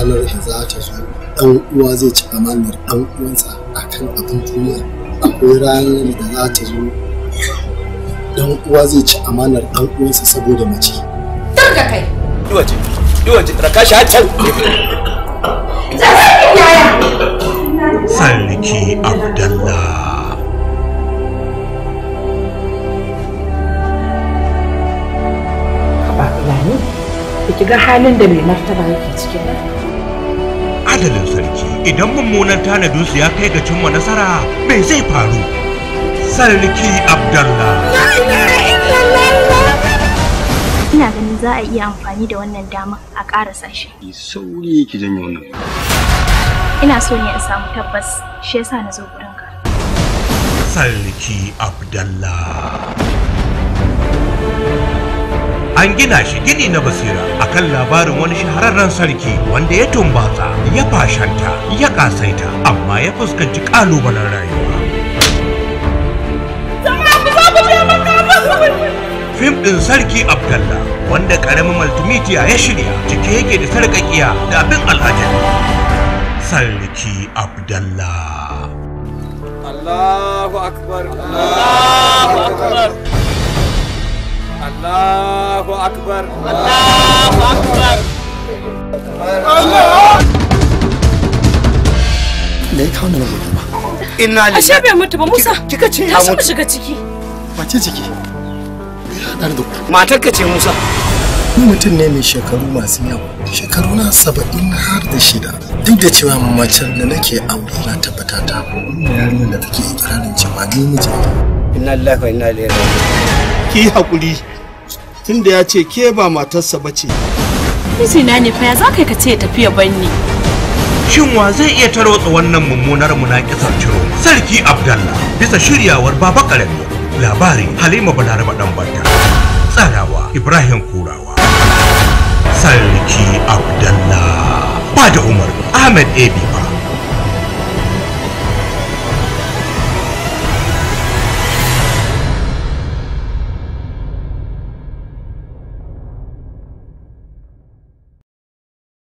ranar da za ta zo ɗan uwa zai ci amanar ɗan uwansa a kan abin duniya akwai ranar da za ta zo ɗan uwa zai ci amanar ɗan uwansa saboda mace. Tarka kai. Duwaje, duwaje, raka shi hacan. Sarki Abdallah. Ba, yani, ki ga halin da mai martaba yake cikin nan. adalin sarki idan mummunan su ya kai ga cimma nasara me zai faru sarki abdallah ina ganin za a iya amfani da wannan dama a ƙarasa shi sauri ki wannan ina so ne in samu tabbas shi yasa na zo gurinka sarki abdallah an gina shi gini na basira a kan labarin wani shahararren sarki wanda ya tumbatsa ya fashanta ya kasaita amma ya fuskanci kalubalen rayuwa fim ɗin sarki abdalla wanda ƙaramin multimedia ya shirya cike yake da sarƙaƙiya da abin al'ajabi sarki abdallah Allahu akbar Allahu akbar Allahu akbar Allahu akbar Allah Me ya kawo nan kuma Inna lillahi Ashe bai mutu ba Musa kika ce ya mutu Ta shiga ciki Wace ciki Dar da ku Matar ka ce Musa Ni mutum ne mai shekaru masu yawa shekaru na saba'in har da shida duk da cewa macen da nake aure na tabbata ta yarinyar da take ikirarin cewa ni miji inna lillahi wa inna ilaihi raji'un ki hakuri tunda ya ce ke ba matarsa ba ce. Mijina ne fa ya za ka ce tafiya banne. Shin wa zai iya tarotsa wannan mummunar munaƙisar ciro? Sarki Abdallah bisa shiryawar Baba Karami. Labari Halima Balaraba Ɗanbanta. Tsarawa Ibrahim Kurawa. Sarki Abdallah. Bada Umar Ahmed Ebi